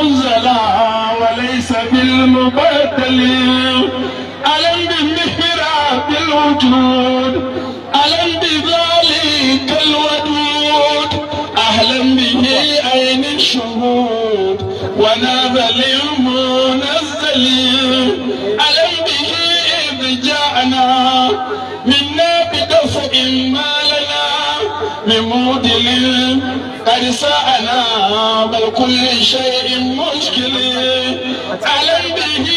المنزلة وليس بالمبتل ألم بمحراب الوجود ألم بذلك الودود أهلا به أين الشهود ونابل المنزل ألم به إذ جاءنا منا بدفء ما لنا بمودل قد سعنا بل كل شيء مشكل علم به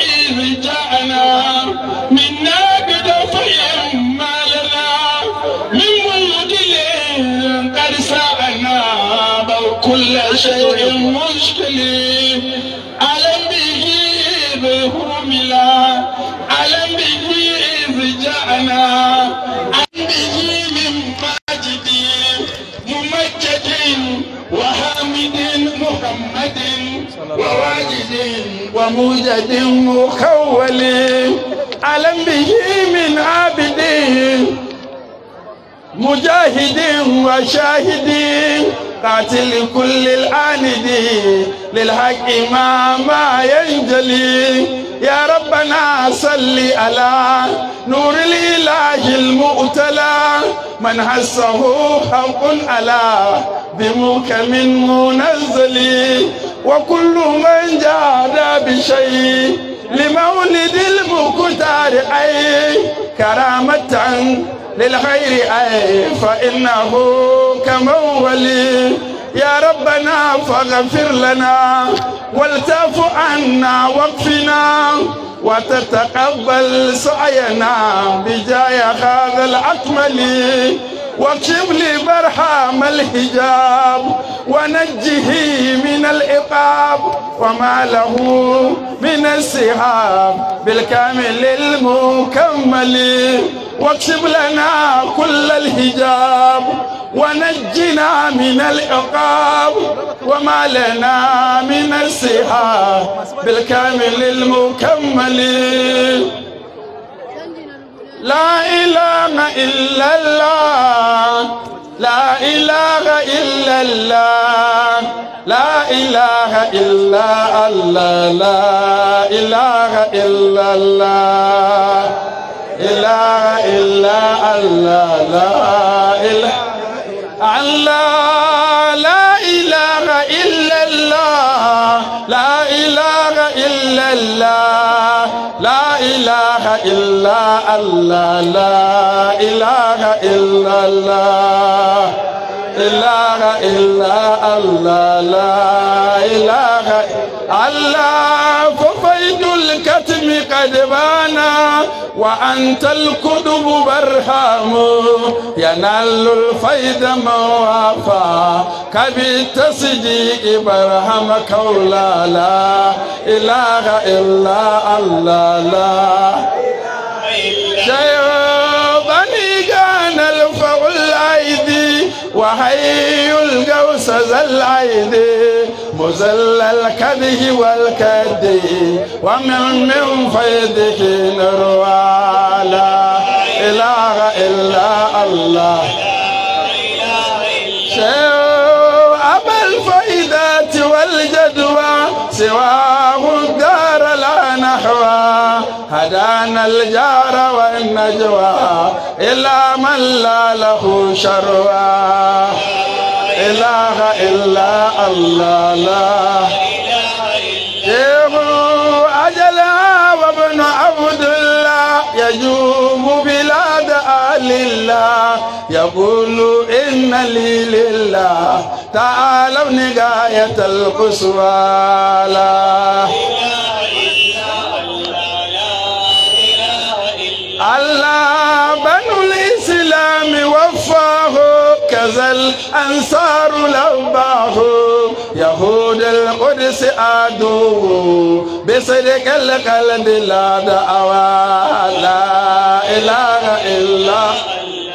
إذ جاءنا منا بدفع ما لنا من ولد قد سعنا بل كل شيء مشكل وواجد وموجد مخول ألم به من عبد مجاهد وشاهد قاتل كل العاند للحق ما ما ينجلي يا ربنا صل على نور الإله المؤتلى من حسه حق على بموك من منزل وكل من جاد بشيء لمولد المختار أي كرامة للخير أي فإنه كمولي يا ربنا فاغفر لنا والتف عنا وقفنا وتتقبل سعينا بجاه هذا الأكمل واكتب لي برحام الحجاب ونجه من العقاب وما له من السهام بالكامل المكمل واكتب لنا كل الحجاب ونجنا من العقاب وما لنا من السهام بالكامل المكمل لا إله إلا الله لا إله إلا الله لا إله إلا الله لا إله إلا الله إله إلا الله لا إله الله لا إله إلا الله لا إله إلا الله لا إله إلا الله لا إله إلا الله إله إلا الله لا إله إلا الله ففيد الكتم قد بانا وأنت القدب برهام ينال الفيد من وافى كبالتصديق برهم كولا لا إله إلا الله لا إله إلا الله وحي القوس ذا العيد مزل الكده والكد ومن من فيدك نروى لا إله إلا الله أن الجار والنجوى إلا من لا له شروى إله إلا الله لا الله أجل وابن عبد الله يجوب بلاد أهل الله يقول إن لي لله تعالوا نقاية القسوى لا الله بنو الإسلام وفاه كذا الأنصار لباه يهود القدس عدو بصدق القلب لا دعوى لا إله إلا الله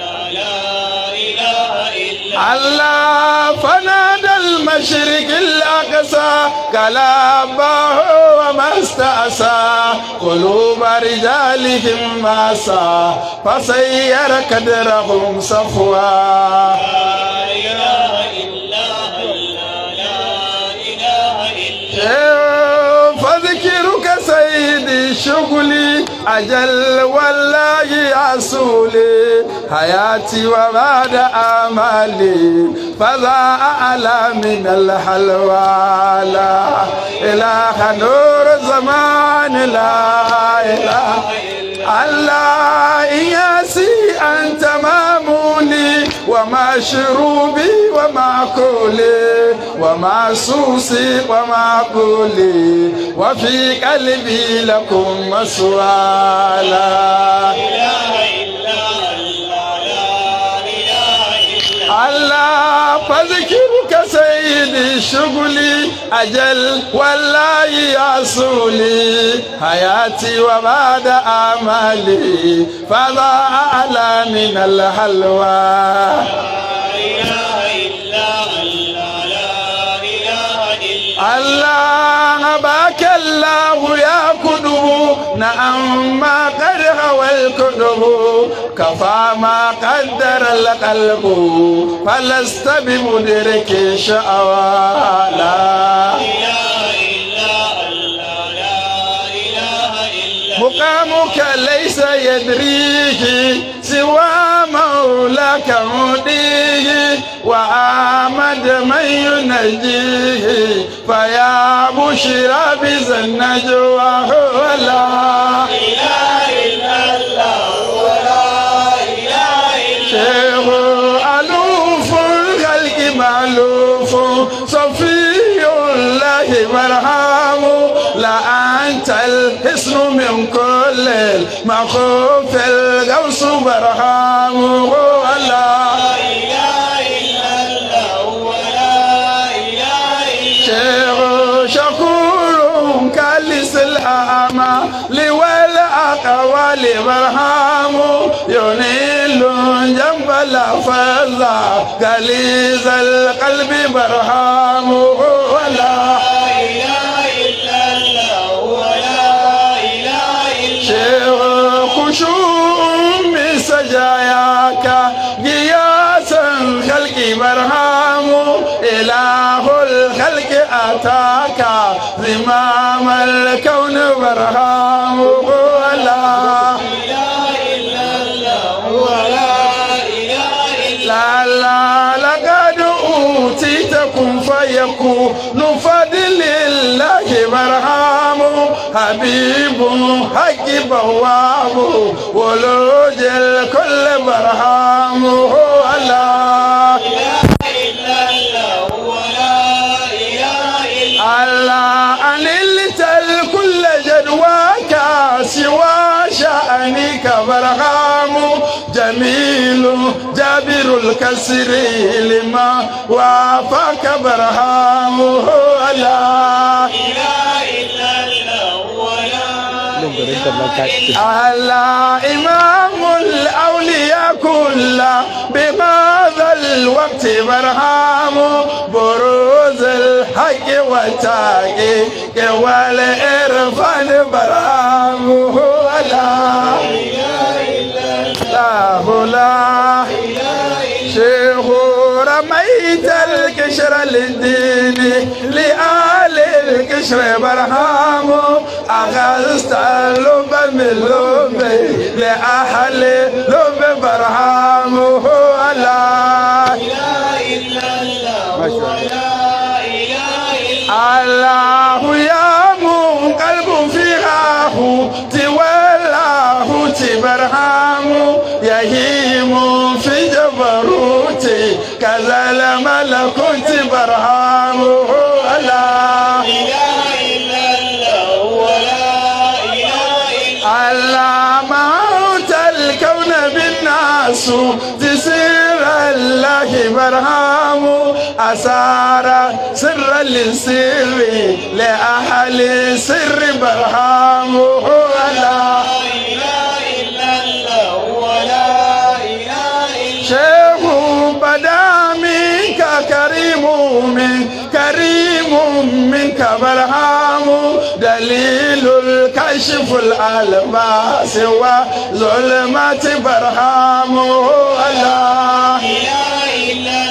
الله فنادى المشرق الأقصى اباه وما استأسى قلوب رجالهم ماسى فسير كدرهم صفوا الله إيه شغلي أجل والله أصولي حياتي وبعد أمالي فضاء أعلى من الحلوى لا إله نور زمان لا إله الله إياسي أنت ما ومشروبي ومأكولي ومعصوصي ومعقولي وفي قلبي لكم مسوى لا الله فذكرك سيدي شغلي أجل والله يصولي حياتي وبعد أمالي فضاء أعلى من الحلوى الله باك الله يا كدو نعم ما قد هوى الكدب كفى ما قدر القلب فلست بمدرك شأوى لا مقامك ليس يدريه ومولاك مديه وآمد من ينجيه فيا بشرى بذا النجوى ولا إله لا أنت الحسن من كل المخوف وارحمه الله شكور كالسلام لوالأقوال وارحم ينيل جنب الأفضل كاليز القلب وارحمه أتاك زمام الكون برهام ولا لا لا الله برهام حبيب حق بواب ولوج الكل برهام هو الله ألا أنلت كل جدواك سوى شأنك برغام جميل جابر الكسر لما وافاك برهامه لا إله على إمام الأولياء كلا بماذا الوقت برهام بروز الحق والتاقي والتحقيق إرفان برهام هو لا إله إلا الله لا إله إلا الله شيخ ورميت القشر للدين لآل القشر برهام أخذت اللب من لبي لأهل أرحامه لا إله إلا لا إله إلا الله الكون بالناس تسير الله برهامه أسار سر للسر لأهل سر برهامه لا إله إلا الله ولا إله إلا الله شيخ بدا منك كريم كبرهام دليل الكشف الألباس وظلمة برهام الله لا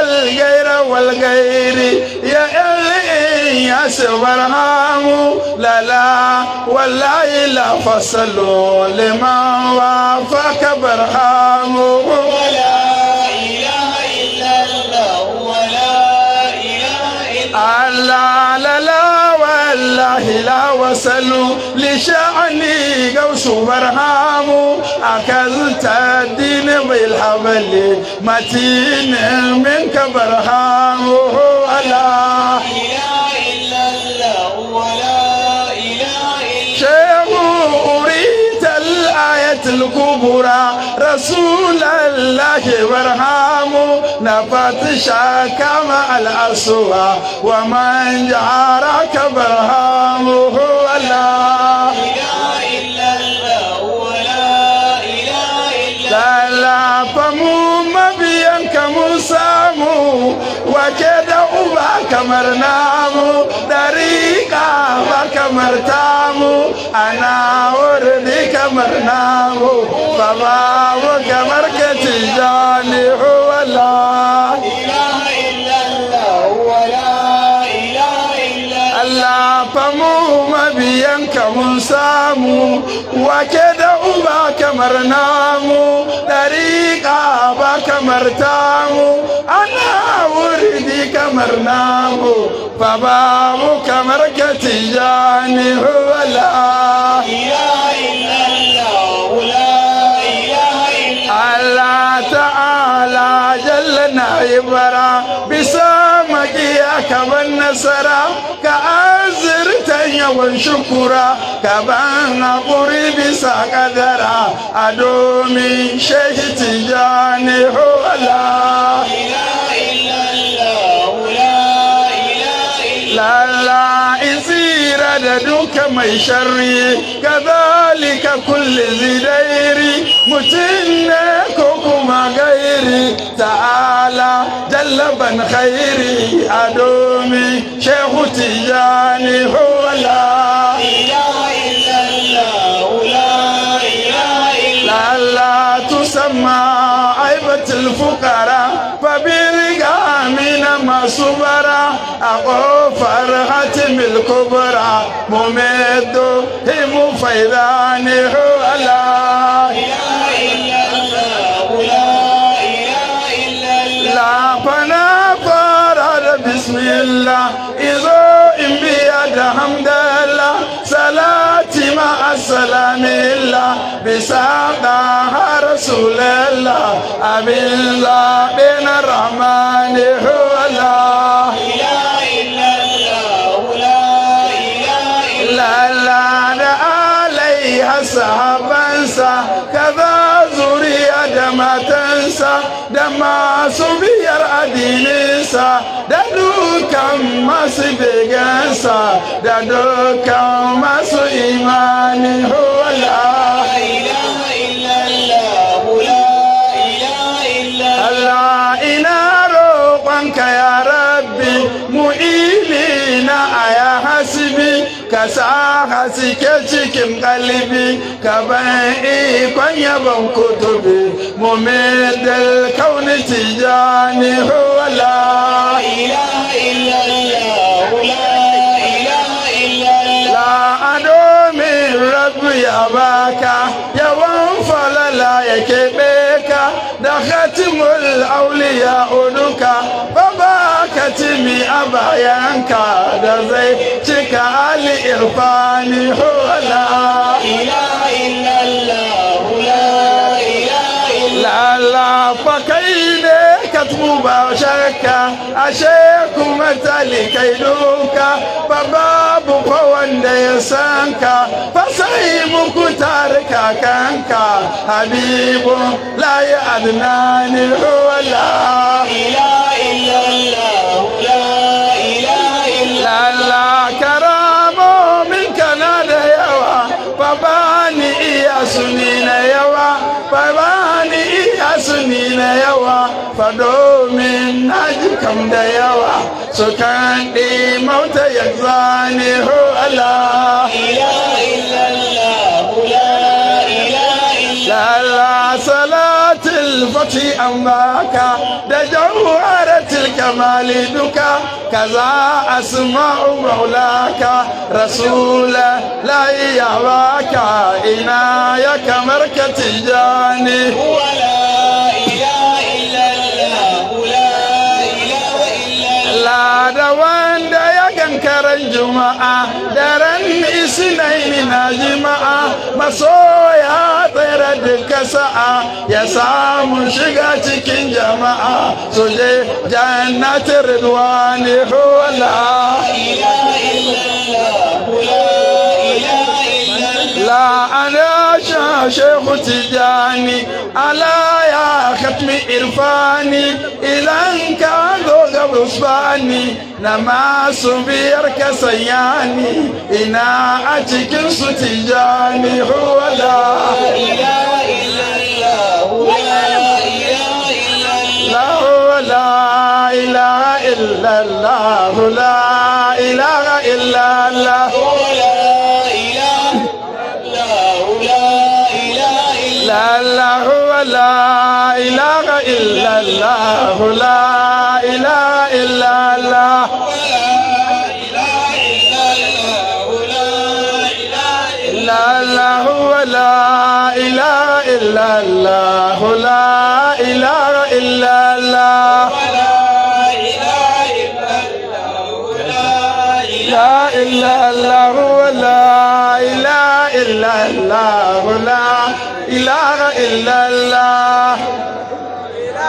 الغير والغير يا برهام لا لا والله إلا فصلوا لمن وافق برهام ولا ألا لا لا والله لا وصلوا لشعني قوس برهام أكلت الدين بالحبل متين منك برهام الله الكبرى رسول الله وارحمه نفتشا كما الأسوى ومن جارك برهامه هو الله لا الله فمو مبيا كمسامو wace da uba kamar namu dariƙa ba kamar tamu ana wurdi kamar namu ba mu kamar ka tijani huwala Allah fa mu mabiyanka mun samu wake da uba kamar namu dariƙa ba kamar tamu ana wuridi kamar namu fa ba mu kamar ka tijani huwala Allah ta'ala na yi bara bisa makiya kamar nasara ka azirta yawan shukura ka ban haƙuri bisa kadara a domin shehi tijani hola la la tsira da duka mai sharri kazalika kulli zidairi mutum ne ko kuma gairi ta'ala jallaban khairi a domin shehu tijani hula العلم الكبرى ممد هم فيضانه لا إله إلا الله لا إله إلا الله لا فنا فرد بسم الله إذا إن الحمد لله صلاتي مع السلام الله بسعدها آه رسول الله أبي الله بن الرحمن هو الله lalla da alaiha sahabansa kaza zuriya da matansa da masu biyar adininsa da dukan masu begansa da dukan masu imanin huwala Allah ina roƙonka ya ka sa haske cikin ƙalbi ka ban ikon yaban kutubi mu mai dal kauni tijani huwa يا باكا يا وانفلا لا يكبيكا دختم الأولياء نكا فباكا تمي أبا دا دزي تكالي إرفاني حولا ka ashe kuma talikai duka ba babu fa ya sanka ka fa sai muku tare kakanka habibu layi ya adnani wala da yawa fado min naji kam da yawa su kan ɗi mauta ya zane ho Allah Allah salatul fati an baka da jawharatul kamali duka كذا أسمع مولاك رسول لا يهواك إنايك مركة جاني da wanda ya kankarar juma'a daren isnaini na Maso ya tsere duka sa'a ya samu shiga cikin jama'a su je jannatin ridwani huwa la ilaha ala alasha shehu tijani ala ya khatmi irfani ka zo goga busbani na masu biyar ka saya ni ina a cikin su tijani huwala إلا الله لا إله إلا الله إله إلا الله لا إله إلا الله لا إله إلا الله لا إله إلا الله لا إله إلا الله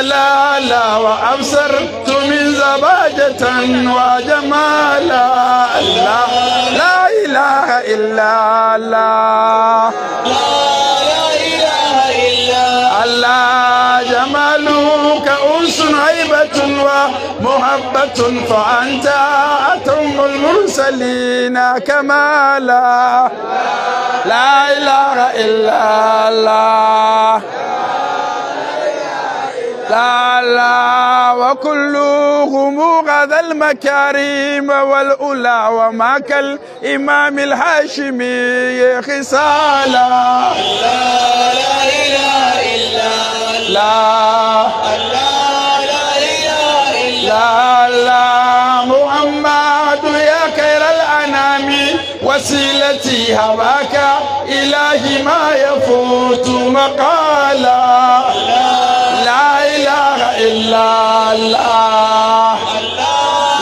جلالا وأبصرت من زباجة وجمالا لا لا إله إلا الله لا إله إلا الله جمالك أنس هيبة ومحبة فأنت أتم المرسلين كمالا لا إله إلا الله تعالى وكلهم غذا المكارم والأولى وما الإمام الهاشمي خصالا لا لا إله إلا الله لا لا إله إلا الله محمد يا خير وسيلتي هواك إلهي ما يفوت مقالا لا إله إلا الله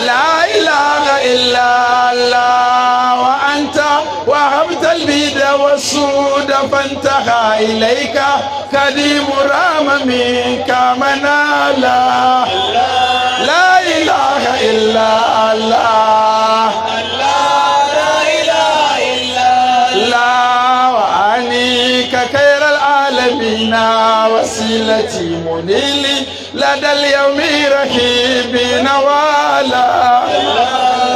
لا إله إلا الله وأنت وهبت البيد والسود فانتهى إليك كريم رام منك منالا لا إله إلا الله لا إله إلا الله وأنيك خير العالمين وسيلتي منيلي لدى اليوم رهيبين ولا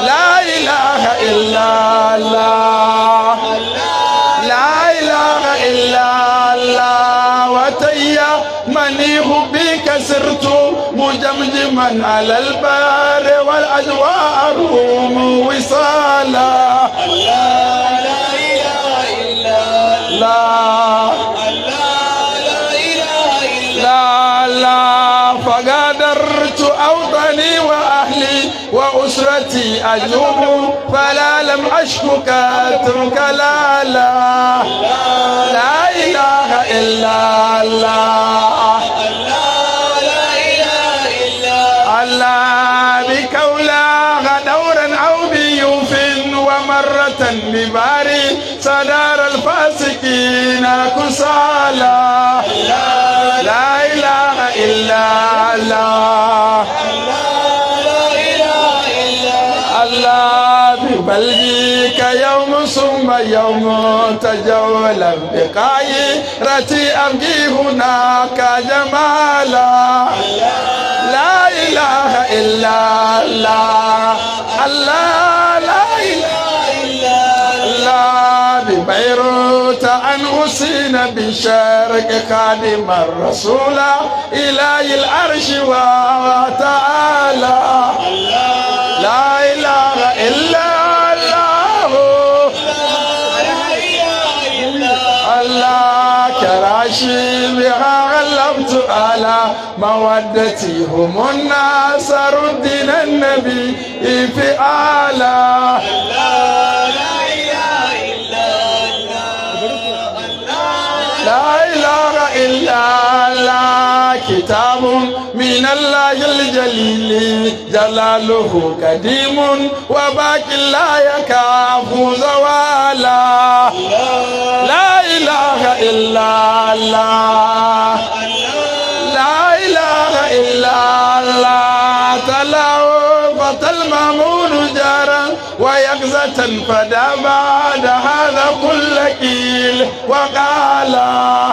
لا إله إلا الله لا إله إلا الله وتيا منيه بك سرت مجمجما على البار والأجوار وصالا الله لا إله إلا الله الله لا إله إلا الله أسرتي أجوب فلا لم أشكك أترك لا لا لا إله إلا الله لا إله إلا الله أو بيوف ومرة بباري صدار الفاسقين كسالى لا إله إلا الله بلجيك يوم ثم يوم تجول بقاي بقايرتي أبقي هناك جمالا لا إله إلا الله الله لا إله إلا الله ببيروت عن حسين بشرق خادم الرسول إله العرش وتعالى لا إله إلا الله على كراشي بها غلبت على مودتي هم الناس ردنا النبي في آلا إلا لا كتاب من الله الجليل جلاله قديم وباقي لا يكاف زوالا لا إله إلا الله لا إله إلا الله تلاوة المامون جارا ويقزة فدا بعد هذا كل كيل وقالا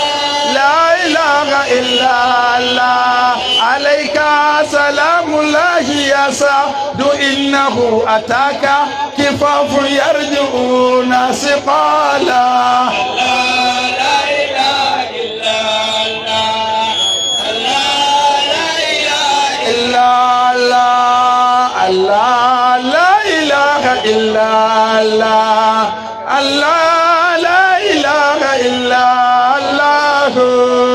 إله إلا الله عليك سلام الله يسعد إنه أتاك كفاف يرجعون سقالا لا إله إلا الله الله لا إله إلا الله الله لا إله إلا الله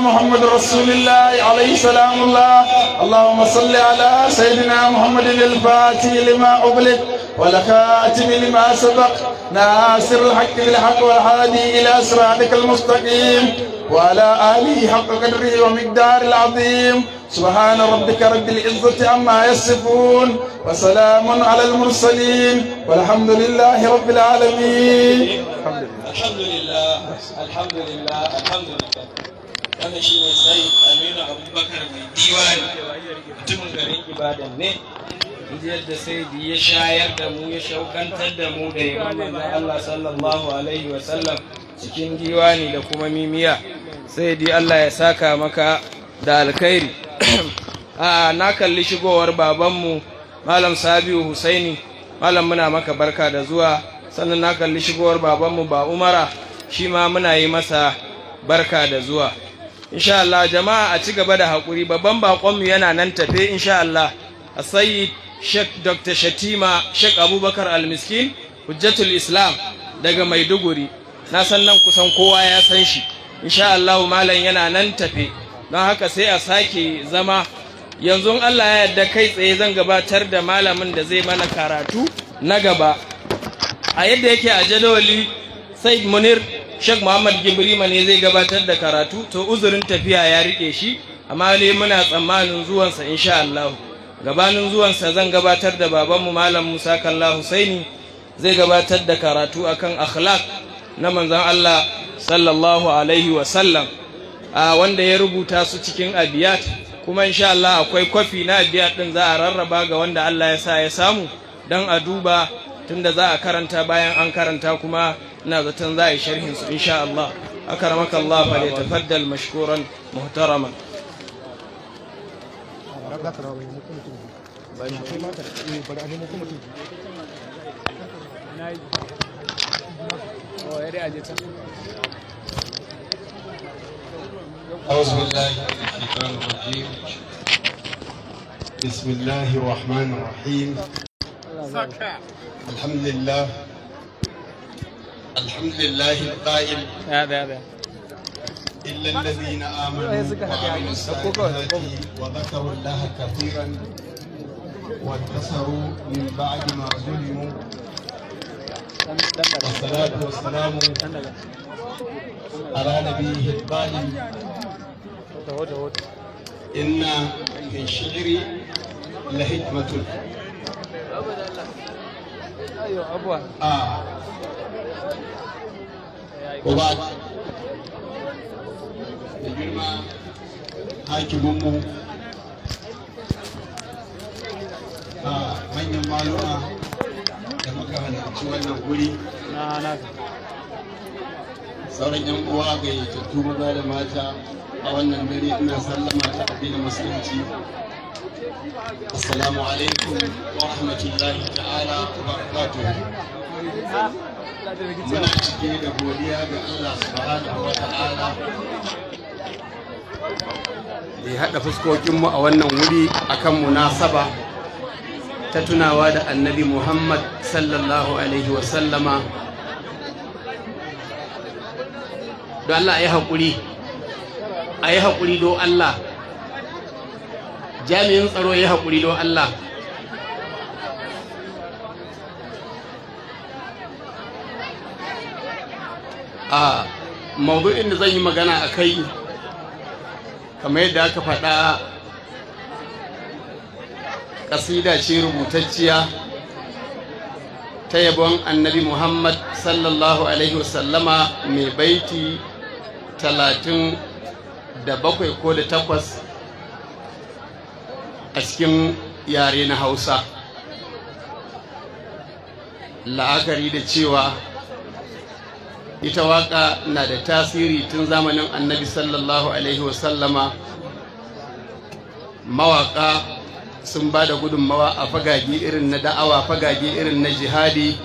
محمد رسول الله عليه سلام الله اللهم صل على سيدنا محمد الفاتح لما أغلق والخاتم لما سبق ناصر الحق بالحق والحادي إلى صراطك المستقيم وعلى آله حق قدره ومقدار العظيم سبحان ربك رب العزة عما يصفون وسلام على المرسلين والحمد لله رب العالمين الحمد لله الحمد لله الحمد لله الحمد لله wannan shi ne sai aminu abubakar mai diwani mutumin garin ibadan ne yadda sai da ya shayar da mu ya shaukantar da mu da yawan manzan Allah sallallahu alaihi wasallam cikin diwani da kuma mimiya sai di Allah ya saka maka da alkhairi a na kalli shigowar babanmu malam sabiu husaini malam muna maka barka da zuwa sannan na kalli shigowar babanmu ba umara shi ma muna yi masa barka da zuwa insha Allah jama'a a ci gaba da hakuri. babban baƙonmu yana nan tafe insha Allah a sayi Sheikh Dr. Shatima Sheikh Abubakar Al-Miskin Hujjatul Islam daga Maiduguri na san nan kusan kowa ya san shi insha Allah malam yana nan tafe don haka sai a sake zama yanzu Allah ya yarda kai tsaye zan gabatar da malamin da zai mana karatu na gaba a yadda yake a jadawali said munir sheikh muhammad gibrima ne zai gabatar da karatu to uzurin tafiya ya rike shi amma ne muna tsammanin zuwansa insha Allah gabanin zuwansa zan gabatar da babanmu malam musa kalla husaini zai gabatar da karatu akan akhlaq na manzon Allah sallallahu alaihi wa sallam a wanda ya rubuta su cikin abiyat kuma insha Allah akwai kwafi na abiyat din za a rarraba ga wanda Allah ya sa ya samu dan a duba tunda za a karanta bayan an karanta kuma ina zaton za a yi sharhin su insha Allah akaramaka Allah fa ne tafaddal mashkuran muhtaraman أعوذ بالله من الشيطان الرجيم بسم الله الرحمن الرحيم الحمد لله الحمد لله القائل هذا هذا إلا الذين آمنوا وعملوا الصالحات وذكروا الله كثيرا وانتصروا من بعد ما ظلموا والصلاة والسلام على نبيه القائل إن في الشعر لحكمة Ayo, abuwa. Ah. Uba. Da girma hakiminmu. Ah, manyan maluma da muka halarci wannan guri. Na na. Sauran 'yan uwa ga maza da mata a wannan dare ina sallama ta addinin musulunci Assalamu alaikum wa rahmatullahi ta'ala wa barakatuh. Muna cike da godiya ga Allah subhanahu wa ta'ala. Da ya haɗa fuskokinmu a wannan wuri akan munasaba ta tunawa da annabi Muhammad sallallahu alaihi wa sallama. Don Allah ya haƙuri, a yi haƙuri don Allah jami'in tsaro ya haƙuri don Allah a maudu'in da zan yi magana a kai kamar yadda aka faɗa ƙasida ce rubutacciya ta yabon annabi muhammad sallallahu alaihi wasallama mai baiti talatin da bakwai ko da takwas a cikin yare na hausa la'akari da cewa ita waka na da tasiri tun zamanin annabi sallallahu alaihi wasallama mawaka sun ba da gudunmawa a fagage irin na da'awa fagage irin na jihadi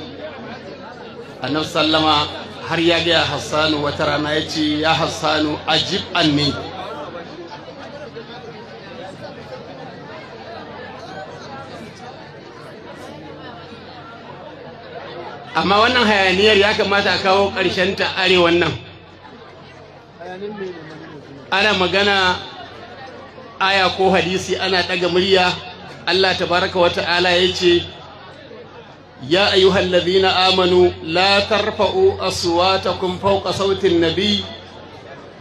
annabi sallama har ya gaya hassanu wata rana ya ce ya hassanu ajib ne. amma wannan hayaniyar ya kamata a kawo ƙarshen ta arewan nan ana magana aya ko hadisi ana ɗaga murya Allah tabaraka wa ta'ala ya ce ya ayyuhal ladhina amanu la tarfa'u aswatakum fawqa sautin nabi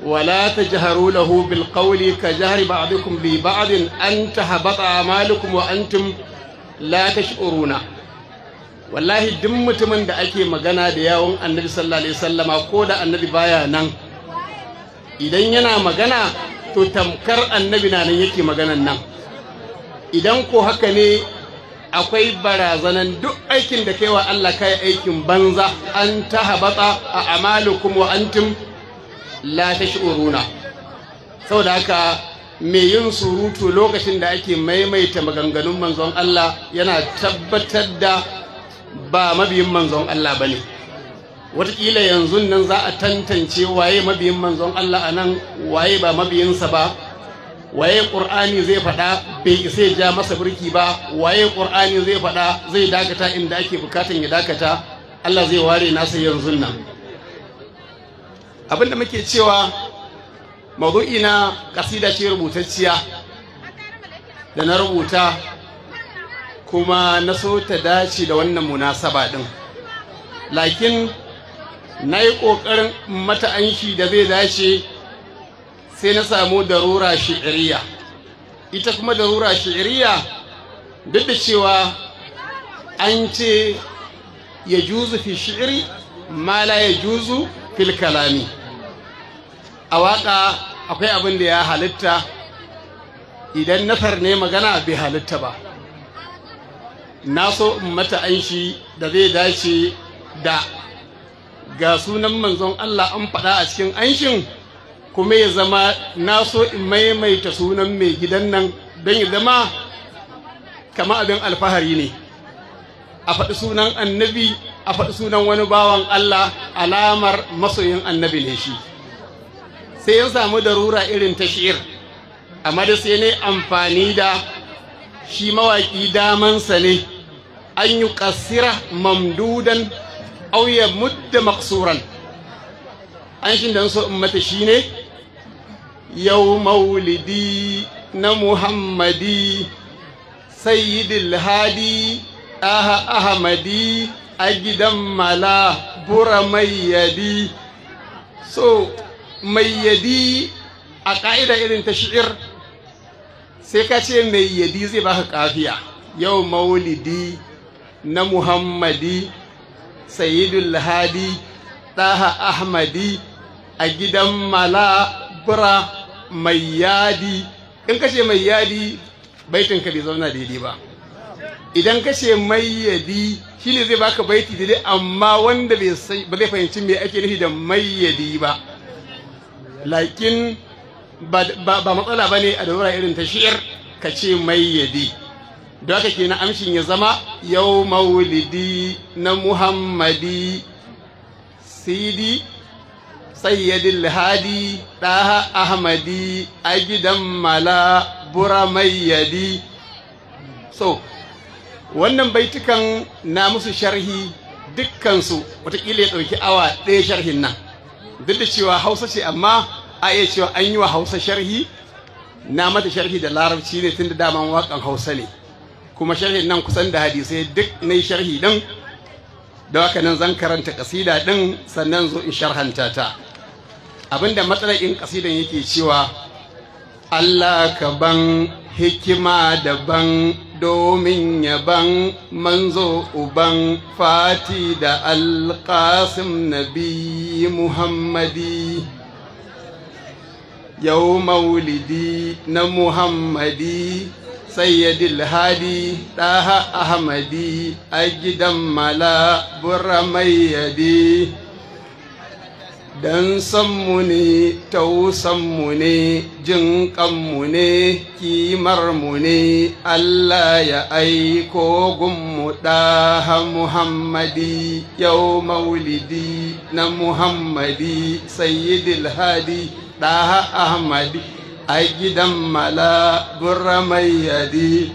wa la tajharu lahu bil qawli ka jahri ba'dikum li ba'din an tahbata a'malukum wa antum la tash'uruna wallahi duk mutumin da ake magana da yawon annabi sallallahu alaihi wasallama ko da annabi baya nan idan yana magana to tamkar annabi na nan yake maganan nan idan ko haka ne akwai barazanan duk aikin da kaiwa Allah kai aikin banza an tahabata a amalukum wa antum la tashuruna saboda haka mai yin surutu lokacin da ake maimaita maganganun manzon Allah yana tabbatar da ba mabiyin manzon Allah ba ne. wataƙila yanzu nan za a tantance waye mabiyin manzon Allah a nan waye ba mabiyinsa ba waye ƙur'ani zai faɗa bai isa ja masa birki ba waye ƙur'ani zai faɗa zai dakata inda ake bukatan ya dakata Allah zai ware nasa yanzu nan abinda muke cewa maudu'i na kasida ce rubutacciya da na rubuta kuma na so ta dace da wannan munasaba ɗin lakin na yi ƙoƙarin mata anshi da zai dace sai na samu darura shi'iriya ita kuma darura shi'iriya duk da cewa an ce ya juzu fi shi'iri ma ya juzu fil kalami a waƙa akwai abin da ya halitta idan nafar ne magana bai halitta ba na so in mata anshi da zai dace da ga sunan manzon Allah an faɗa a cikin anshin kuma ya zama na so in maimaita sunan mai gidan nan don ya zama kama abin alfahari ne a faɗi sunan annabi a faɗi sunan wani bawan Allah alamar masoyin annabi ne shi sai ya samu darura irin ta shi'ir amma da sai ne amfani da shi mawaƙi damansa ne an yi ƙasira mamdudan ya mudda maksuran an shi don so in mata shi ne yau maulidi na muhammadi sayyidul hadi aha ahmadi a gidan mala bura mayyadi so mayyadi a ƙa'ida irin ta shi'ir sai ka ce mai yadi zai ba baka kafiya yau maulidi na muhammadi sayidul hadi ɗaha ahmadi a gidan Malabura mai yadi in ka mai yadi baitin ka bai zauna daidai ba idan ka ce mai yadi shi ne zai baka baiti daidai amma wanda ba zai fahimci me ake nufi da mai yadi ba lakin ba matsala ba ne a daura irin ta shi'ir ka ce mai yadi da haka na amshin ya zama yau maulidi na muhammadi sidi sayyadil lahadi ɗaha ahmadi a gidan mala bura yadi so wannan baitukan na musu sharhi dukkansu wataƙila ya ɗauki awa ɗaya sharhin nan duk da cewa hausa ce amma a iya cewa an yi wa hausa sharhi na mata sharhi da larabci ne tun da daman wakan hausa ne kuma sharhin nan kusan da hadisai duk na sharhi din da haka nan zan karanta kasida din sannan zo in sharhanta ta abinda matsalar in kasidan yake cewa Allah ka ban hikima da ban domin ya ban manzo uban fati da alƙasim nabi muhammadi yau maulidi na muhammadi sayyidil hadi ɗaha ahmadi a gidan mala bura mayyadi don sanmu ne tausanmu ne jin kanmu ne kimarmu ne allah ya aiko gunmu ɗaha muhammadi yau maulidi na muhammadi sayyidil hadi ɗaha ahmadi a gidan mala mai yadi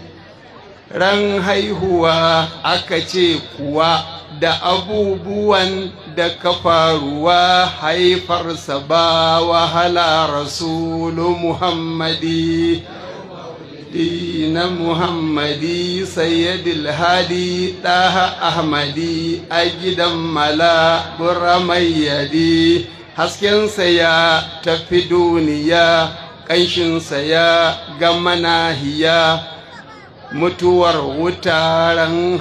ran haihuwa aka ce kuwa da abubuwan da ka faruwa haifarsa ba wahala rasulu muhammadi na muhammadi sayyidul hadi ɗaha ahmadi a gidan mala mai yadi Hasken sa ya tafi duniya ƙanshinsa ya gama nahiya mutuwar wutaren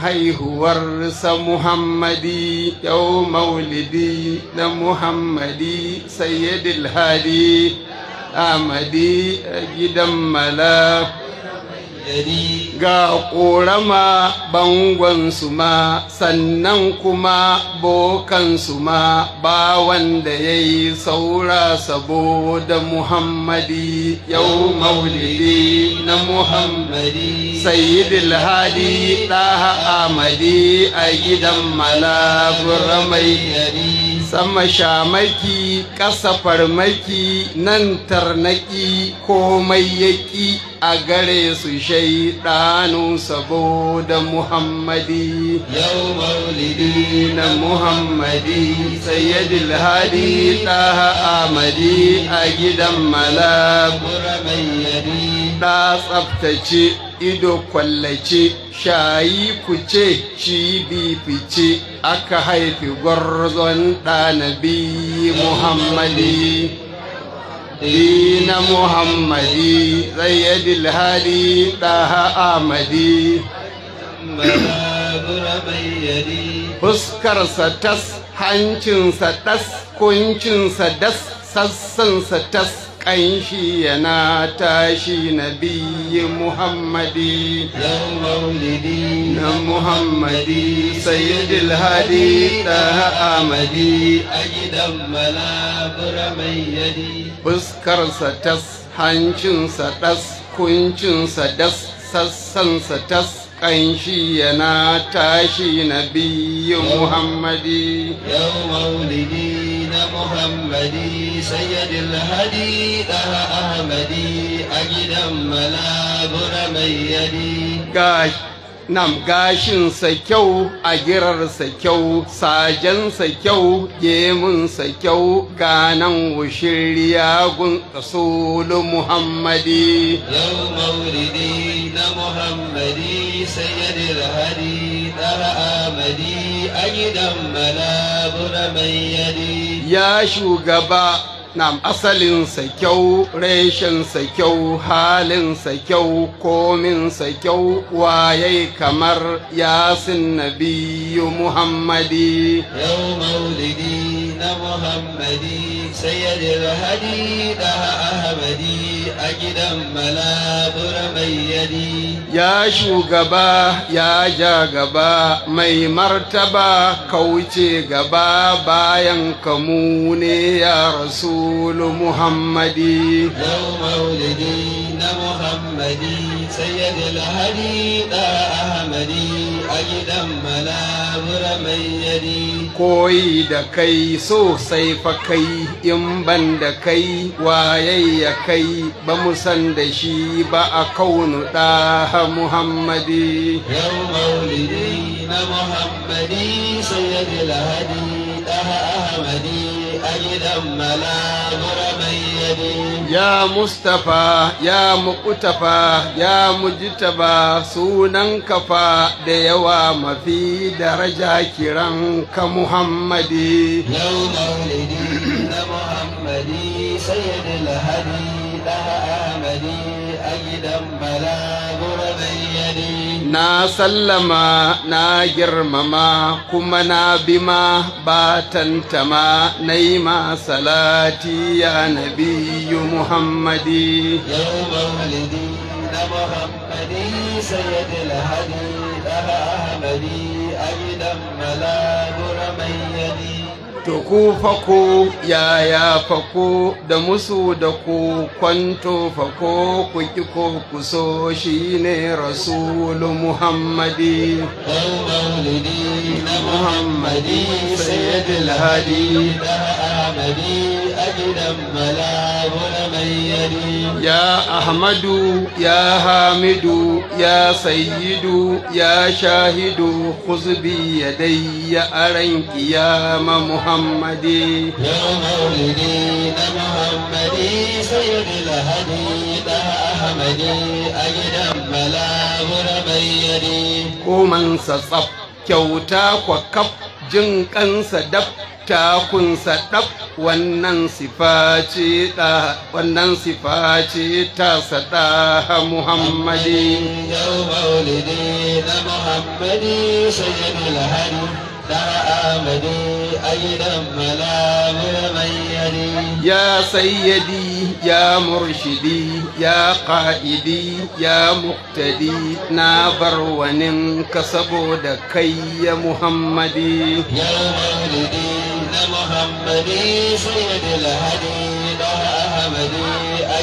sa muhammadi yau maulidi na muhammadi sayyidil hadi amadi gidan mala ga ƙorama bangonsu ma sannan kuma bokansu ma ba wanda ya yi saura saboda muhammadi yau maulidi na muhammadi sayyidul hadi ɗaha amadi a gidan malabura mai yari sama shamaki ƙasa farmaki nan tarnaki komai yaƙi a gare su shaiɗanu saboda muhammadi yau maulidi na muhammadi sayyidul hadi ɗaha amadi a gidan malabu ɗa tsaftace ido kwallace shayi kuce cibi fice aka haifi gwarzon ɗanabi muhammadi dina muhammadi zayyadil hali ɗaha amadi fuskarsa tas hancinsa tas kuncinsa das sassansa tas ƙanshi yana tashi nabiyyi muhammadi na muhammadi sayyidul hadi da amadi a gidan malabura mai yadi fuskarsa tas hancinsa tas kuncinsa das sassansa tas ƙanshi yana tashi na biyu muhammadi Yan maulidi محمدي سيد الهدي لها أحمدي أجدا ملابر ميدي قاش Nam gashinsa kyau, a girarsa kyau, sajensa kyau, gemunsa kyau, ganan wushin riyagun Rasulu Muhammadi. Yau maulidi na Muhammadi, sayyadil hadi, ɗara amadi, a gidan malabura mai yadi. ya shugaba asalin sa kyau, sa kyau, halin sa kyau, komin sa kyau, waye kamar yasin nabiyu Muhammadi. Yau maulidi na Muhammadi, hadi da Ahmadi a gidan malabura mai yadi. Ya shugaba, ya ja gaba, mai martaba, kauce gaba bayan kamune ya rasu. رسول محمد يوم مولدي محمدي سيد الهدي أحمدي أجدا منابر ميدي koyi da kai sosai fa kai in ban da kai waye ya kai ba mu san da shi ba a kaunu ɗaha muhammadi yau maulidi na muhammadi sayyid lahadi ɗaha ahmadi يا مصطفى يا مقتفى يا مجتبى سونان كفى ديوا ما في درجة كران كمحمدي لو مولدي محمدي سيد الهدي لها آمدي أيدا ملا غربيدي na sallama na girmama kuma na bima ba tantama na yi ma salati ya nabiyu muhammadi yau maulidi na muhammadi sayyid alhadi ɗaha ahmadi abidan malabura mai yadi to ku fako yaya fako da musu da ku kwanto fako ku ki ko ku so shi ne rasulu muhammadi ya ahmadu ya hamidu ya sayyidu ya shahidu ya yadayya aran kiyama muhammadi محمد يا مولدي محمد سيد الهدي دا أحمدي أجد بلا غربيدي قومن سصف kyauta kwa kaf jin kansa dab takunsa dab wannan sifa ce ta wannan sifa ce ta sada muhammadi yau maulidi na muhammadi sayyidul hadi يا سيدي يا مرشدي يا قائدي يا مقتدي نابر وننكسب دكي يا محمدي يا مولدي محمدي سيد الهدي لا أحمدي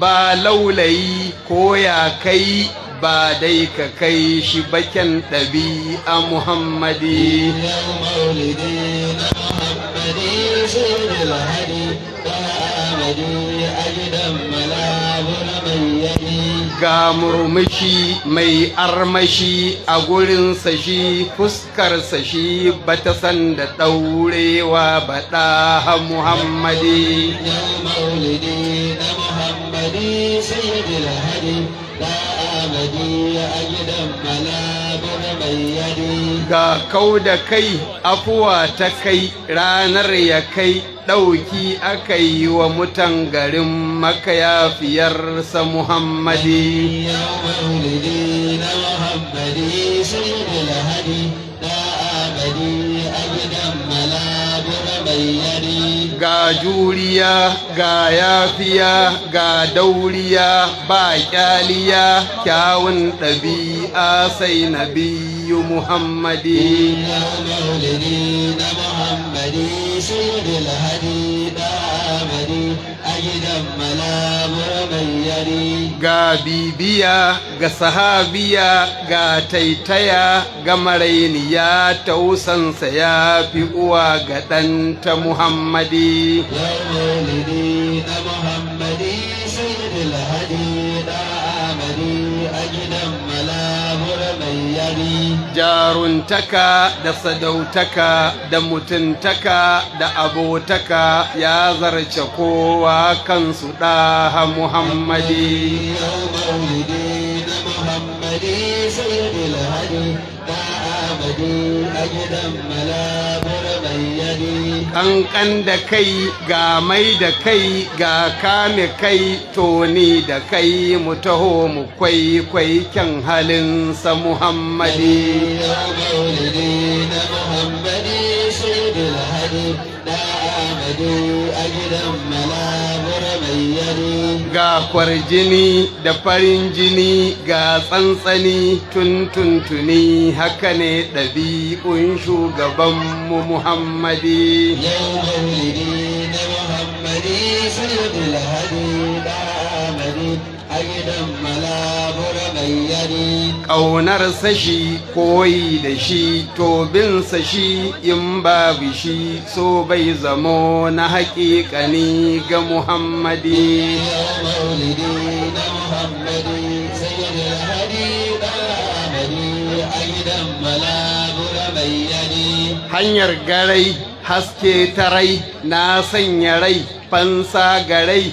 ba laulayi ko ya kai ba dai ka kai shi bakin ɗabi ɗabi'a muhammadi ga murmushi mai armashi a gurin sashi fuskarsa shi ba ta san da ɗaurewa ba ɗaha muhammadi ga kau da kai afuwa ta kai ranar ya kai ɗauki aka yi wa mutan garin makayafiyarsa muhammadi ya maulidi na muhammadi ga juriya ga yafiya ga dauriya ba kyaliya kyawun ɗabi'a sai na biyu muhammadi a gidan ga bibiya ga sahabiya ga taitaya ga marainiya tausansa ya fi uwa ga ɗanta muhammadi ya jaruntaka da sadautaka da mutuntaka da abotaka ya zarce kowa kansu ɗaha muhammadi Ƙanƙan da kai ga mai da kai ga kame kai toni da kai mu taho mu kwaikwaiken kyan halin sa Muhammadi. ga kwarjini da farin jini ga tsantsani tuntuntuni haka ne ɗabi'un shugabanmu muhammadi ya muhammadi da muhammadi sai da lahadi da a gidan malabura ƙaunar sashi koyi da shi tobin sashi in babu shi so bai zamo na haƙiƙani ga muhammadi hanyar garai haske tarai na sanya rai fansa garai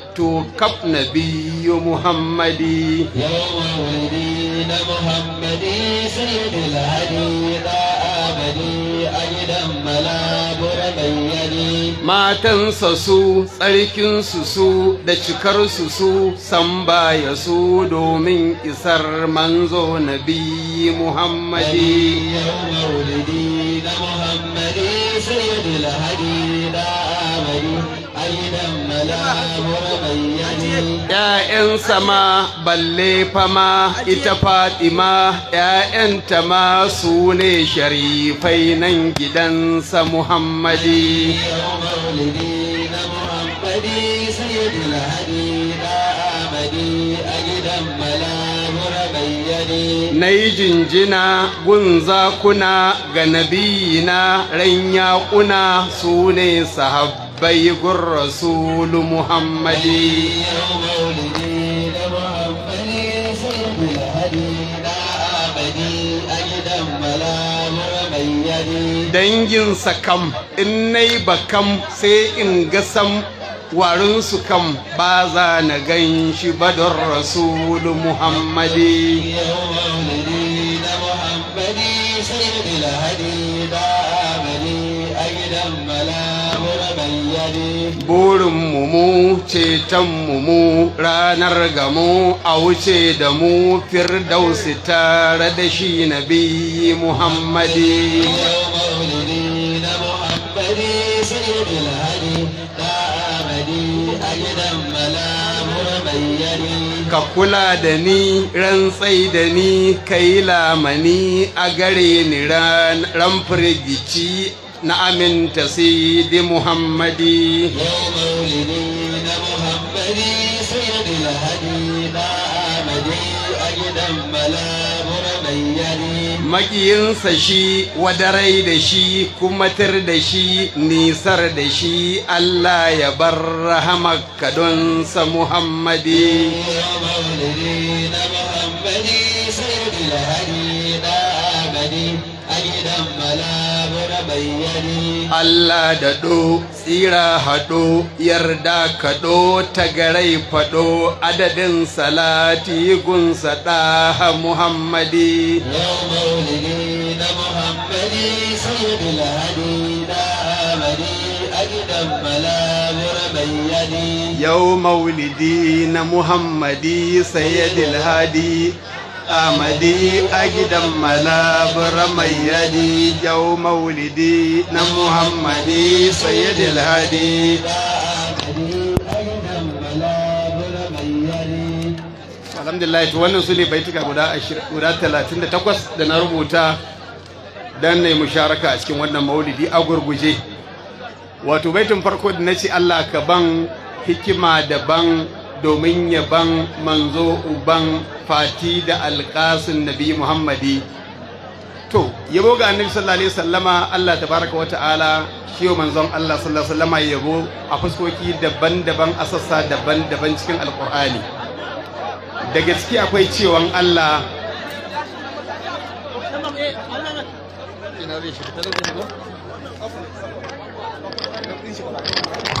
to kaf na biyu muhammadi matansa su tsarkin su su da cikar su su samba ya su domin isar manzo na biyu muhammadi Muhammadi sayyidul hadi ‘Ya'yan sama balle fama ita Fatima, ‘ya'yanta ma sune ne sharifai nan gidansa Muhammadi. na yi jinjina gun zakuna ga nabiyina ranya kuna su ne sahabba. يبيك الرسول محمد dangin ولدي لمحمد danginsa kam in nai kam, sai in ga sam warinsu kam ba za na gan shi ba don rasulu muhammadi yau na muhammadi sai ilhadi burin mu mu ceton mu mu ranar gamu a wuce da mu firdausi tare da shi nabi muhammadi ka kula da ni rantsai da ni ka yi lamani a gare ni ran firgici na aminta محمدي muhammadi مولدي Makiyinsa shi wadarai da shi kumatar da shi nisar da shi Allah ya bar rahamaka don sa Muhammadi. Allah da ɗo tsira haɗo yarda kaɗo tagarai faɗo adadin salati gunsa ɗaha Muhammadi. Yau maulidi na Muhammadi sayyadil hadi amadi a gidan malabura mai yadi yau maulidi na muhammadi alhamdulillah to wannan su ne baituka guda 38 da na rubuta dan na yi musharaka a cikin wannan maulidi a gurguje wato baitin farko da na ce allah ka ban hikima daban domin yaban manzo uban fati da alƙasin nabi muhammadi to yabo ga annabi sallallahu alaihi wasallama Allah tabaraka wa ta'ala shi manzon Allah sallallahu alaihi wasallama yabo a fuskoki daban-daban a sassa daban-daban cikin Alqur'ani da gaske akwai cewan Allah ina zai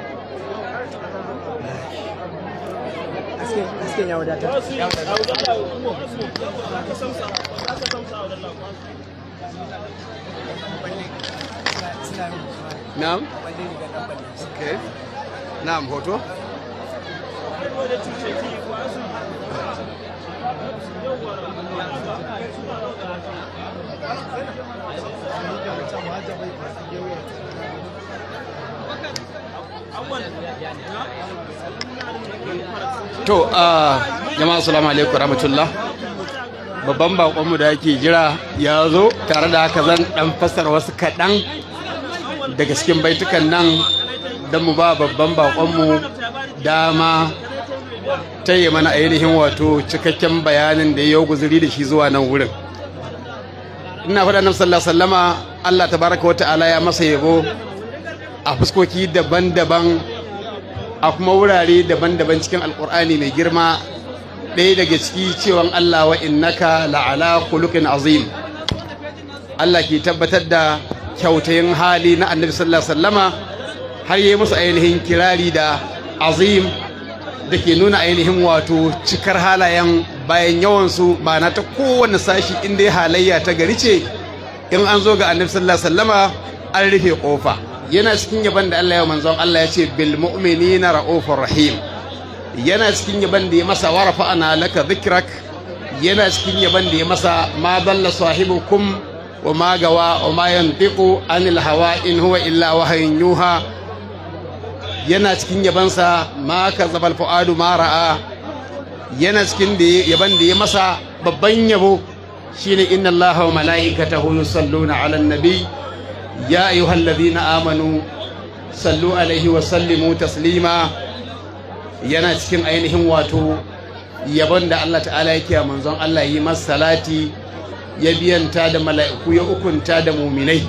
askin askin ya wadata hoto Thank you. to a uh, jama'a assalamu alaikum rahmatullah babban bakonmu da ake jira ya zo tare da haka zan dan fasar wasu kaɗan daga cikin baitukan nan don mu ba babban bakonmu dama ta yi mana ainihin wato cikakken bayanin da ya yi guzuri da shi zuwa nan wurin ina faɗa nan sallama allah ta baraka wata ala ya masa yabo a fuskoki daban-daban a kuma wurare daban-daban cikin alkur'ani mai girma ɗaya daga ciki cewan Allah wa innaka la'ala kulukin azim Allah ke tabbatar da kyautayin hali na annabi sallallahu sallama har yi musu ainihin kirari da azim da ke nuna ainihin wato cikar halayen bayan yawansu ba na ta kowane sashi inda ya halayya ta gari ce in an zo ga annabi sallallahu sallama an rufe kofa yana cikin yaban da Allah ya manzon Allah ya ce bil mu'minina ra'ufur rahim yana cikin yaban da ya masa warafa ana laka dhikrak yana cikin yaban da ya masa ma dalla sahibukum wa ma gawa wa ma yantiqu anil hawa in huwa illa wahyun yuha yana cikin yabansa ma kazaba al fuadu ma ra'a yana cikin da yaban da ya masa babban yabo shine inna allaha wa mala'ikatahu yusalluna 'alan nabiy يا أيها الذين آمنوا صلوا عليه وسلموا Taslima, yana cikin ainihin wato yabon da Allah ta'ala yake a manzon Allah yi masa salati ya biyanta da mala'iku ya ukunta da muminai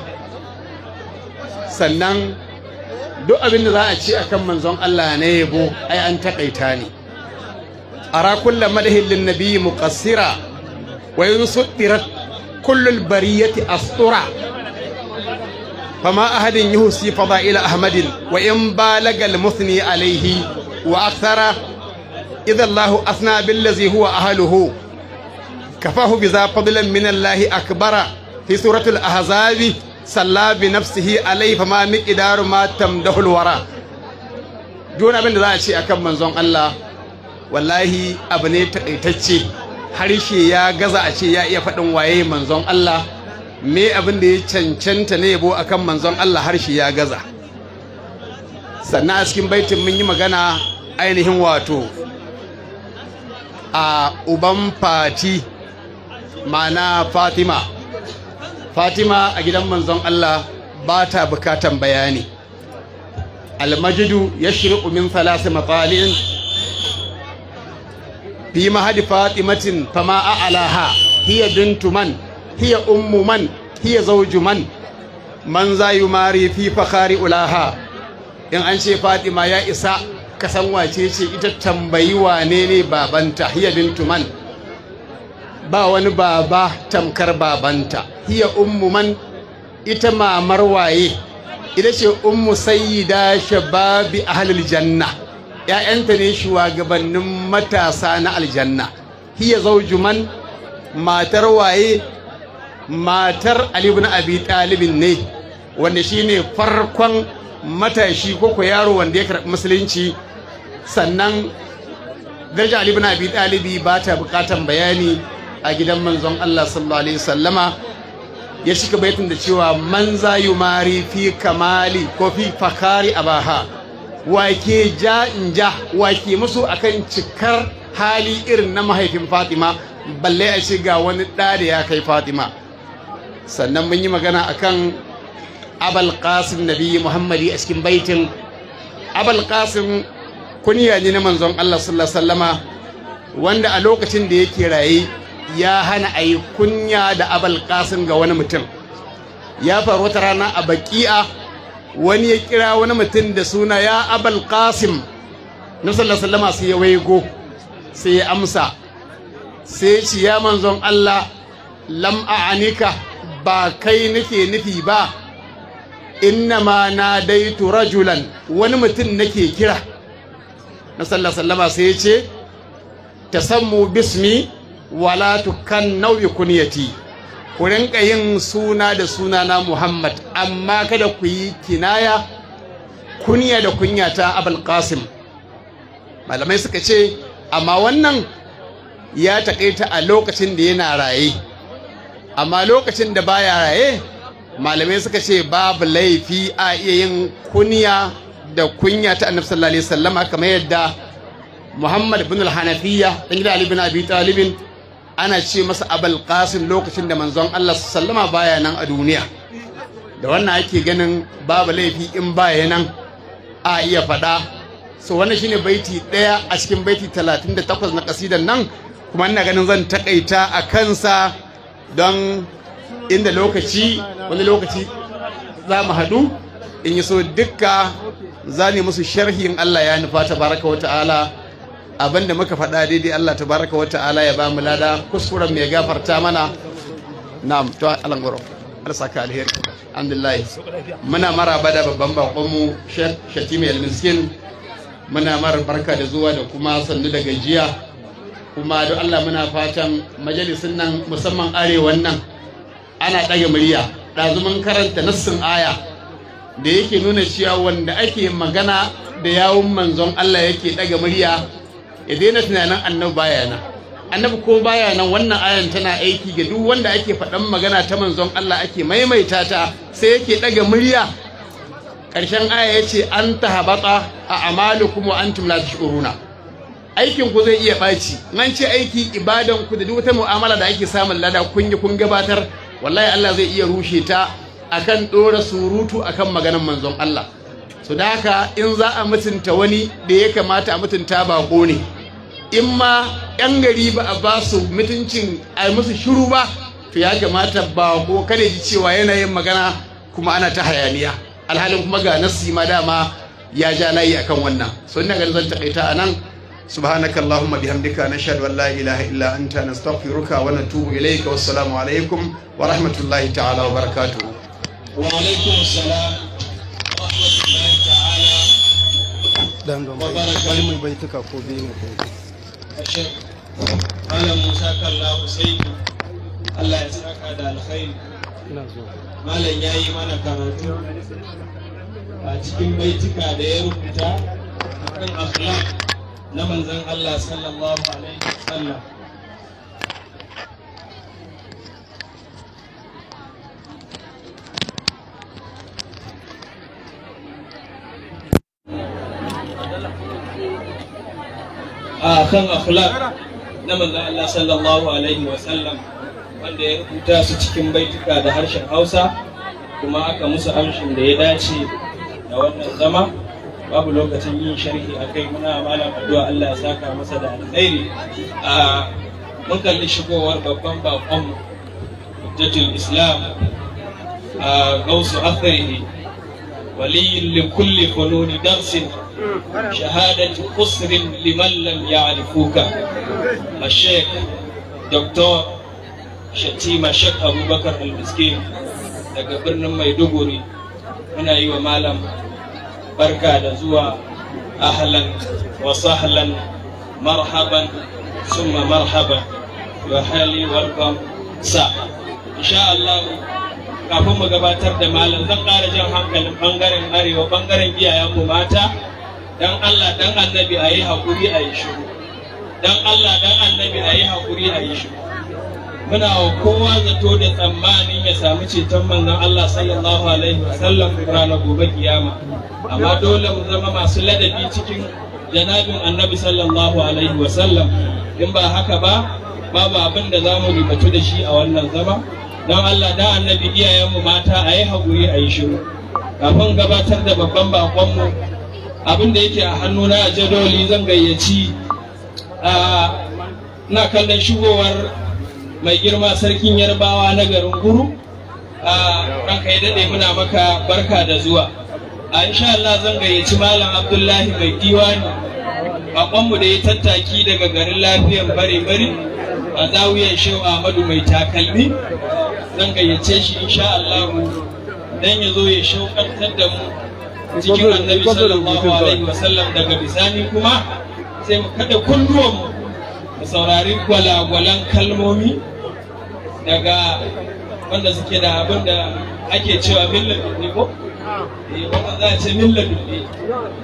sannan duk abinda za a ci a kan manzon Allah na yabo ai an takaita ne ara kullu madahin lin nabiyyi muqassira wa yusdirat kullu al bariyati astura فما أحد يهسي فضائل أحمد وإن بالغ المثني عليه وأكثر إذا الله أثنى بالذي هو أهله كفاه بذا فضلا من الله أكبر في سورة الأحزاب صلى بنفسه عليه فما مقدار ما تمده الورى دون abin da za a ce akan manzon Allah wallahi abu ne takaitacce harshe ya gaza a ce ya iya faɗin waye manzon Allah me abin da ya cancanta na yabo akan manzon Allah har ya gaza sannan a cikin baitin mun yi magana ainihin wato a uban fati ma'ana fatima fatima a gidan manzon Allah ba ta bukatan bayani almajidu ya shiru umin falasa matsalin fi mahadi fatimatin fama a alaha hiya bintu man hiya ummu man hiya zawju man man za yumari fi fakhari ulaha in an ce Fatima ya isa ka san wace ce ita tambayi wane ne babanta hiya bintu man ba wani baba tamkar babanta hiya ummu man ita mamar waye ita ce ummu sayyida shababi ahlul janna ya'yanta ne shugabannin matasa na aljanna hiya zawju man matar waye matar Ali ibn Abi Talib ne wanda shine farkon matashi ko ko yaro wanda ya karɓi musulunci sannan daraja Ali ibn Abi Talib ba ta bukatan bayani a gidan manzon Allah sallallahu alaihi wasallama ya shiga baitin da cewa man za mari fi kamali ko fi fakari abaha wake ja in ja wake musu akan cikar hali irin na mahaifin Fatima balle a shiga ga wani ɗa da ya kai Fatima sannan mun yi magana akan abal qasim biyu muhammadi a cikin baitin abal qasim kunya ne na manzon Allah sallallahu alaihi wanda a lokacin da yake raye ya hana a yi kunya da abal qasim ga wani mutum ya faru wata rana a baki'a wani ya kira wani mutum da suna ya abal qasim na sallallahu alaihi wasallama sai ya waigo sai ya amsa sai ya ce ya manzon Allah lam a'anika ba kai nake nufi ba ma innama daitu rajulan wani mutum nake kira na sallallahu sallama sai ya ce tasammu bismi wala tukan nau'i kunyati ku rinka yin suna da suna na Muhammad amma kada ku yi kinaya kunya da kunya ta Abul Qasim malamai suka ce amma wannan ya taƙaita a lokacin da yana raye amma lokacin da baya raye malamai suka ce babu laifi a iya yin kunya da kunya ta annabi sallallahu alaihi wasallama kamar yadda Muhammad ibn al hanafiyya dan gida Ali ibn Abi Talib ana ce masa Abul Qasim lokacin da manzon Allah sallama baya nan a duniya da wannan ake ganin babu laifi in baya nan a iya faɗa so wannan shine baiti ɗaya a cikin baiti 38 na kasidan nan kuma ina ganin zan takaita a kansa don inda lokaci wani lokaci za mu haɗu in yi so dukka za ne musu sharhin Allah ya nufa ta baraka wa ta'ala abinda muka faɗa daidai Allah ta baraka wa ta'ala ya ba mu lada kuskuren mai gafarta mana na'am to alangoro Saka alheri alhamdulillah muna mara bada babban bakon mu shatimi Al-Miskin muna mara barka da zuwa da kuma sannu da gajiya kuma don Allah muna fatan majalisun nan musamman arewan nan ana ɗaga murya ɗazumin karanta nassin aya da yake nuna cewa wanda ake magana da yawun manzon Allah yake ɗaga murya ya daina tunanin annabi bayana annabi ko baya nan wannan ayan tana aiki ga duk wanda ake faɗan magana ta manzon Allah ake maimaita ta sai yake ɗaga murya ƙarshen aya ya ce an tahabata a amalukum wa antum la tashuruna aikin ku zai iya ɓaci nan ce aiki ibadan ku da duk wata mu'amala da ake samun lada kun yi kun gabatar wallahi Allah zai iya rushe ta akan dora surutu akan maganar manzon Allah so da haka in za a mutunta wani da ya kamata a mutunta bako ne in ma yan gari ba a ba su mutuncin a musu shiru ba to ya kamata bako kada ji cewa yana yin magana kuma ana ta hayaniya alhalin kuma ga nasi ma dama ya ja layi akan wannan so ina ganin zan takaita anan سبحانك اللهم بحمدك نشهد أن لا إله إلا أنت نستغفرك ونتوب إليك والسلام عليكم ورحمة الله تعالى وبركاته وعليكم السلام ورحمة الله تعالى وبركاته الشيخ أنا موسى كالله سيدي الله يسعدك على الخير malam ya yi mana karatu a cikin baituka da ya rubuta kan akhlaq na manzan Allah sallallahu alaihi wasallam a kan akhlaq na manzan Allah sallallahu alaihi wasallam wanda ya rubuta su cikin baituka da harshen Hausa kuma aka musu harshen da ya dace da wannan zama babu lokacin yin sharhi a kai muna malam addu'a Allah ya saka masa da alkhairi a mun kalli shigowar babban bakon hujjatul islam a gausu akhirihi waliyin li kulli fununi darsin shahadatu usrin liman lam ya'rifuka الشيخ دكتور shatima abubakar al daga birnin maiduguri muna yi wa malam barka da zuwa ahlan wa sahlan marhaban summa marhaban wa hali welcome sa insha Allah kafin mu gabatar da malam zan ƙara jan hankalin bangaren arewa bangaren iyayenmu mata dan Allah dan annabi ayi hakuri ayi shiru dan Allah dan annabi ayi hakuri ayi shiru muna wa kowa zato da tsammani ya samu ceton manzon Allah sallallahu alaihi wasallam ranar gobe kiyama amma dole mu zama masu ladabi cikin janabin annabi sallallahu alaihi wasallam in ba haka ba babu abin da za mu da shi a wannan zama don Allah da annabi iyayenmu mata a yi haƙuri a yi shiru kafin gabatar da babban mu abin da yake a hannuna a jadoli zan gayyaci na kallon shigowar mai girma sarkin yarbawa na garin guru a ranka ya daɗe muna maka barka da zuwa a insha Allah zan gayyaci malam abdullahi mai diwani bakonmu da ya tattaki daga garin lafiyan bare bare a zawiyan shehu ahmadu mai takalmi zan gayyace shi insha Allah dan ya zo ya shaukantar da mu cikin annabi sallallahu alaihi wasallam daga bisani kuma sai mu kada kunduwan mu saurari gwalagwalan kalmomi daga wanda suke da abin da ake cewa millar dubbe ko? Ah. Eh, wanda za a ce millar dubbe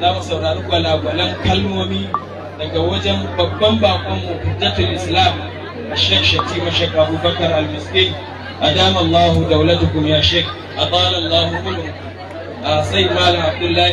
za mu saurari kwalagwalan kalmomi daga wajen babban bakon mu hujjatul islam A shati mashek abubakar al-miske a dama allahu daulatukum ya shek a tsara allahu kulun a ah, sai malam abdullahi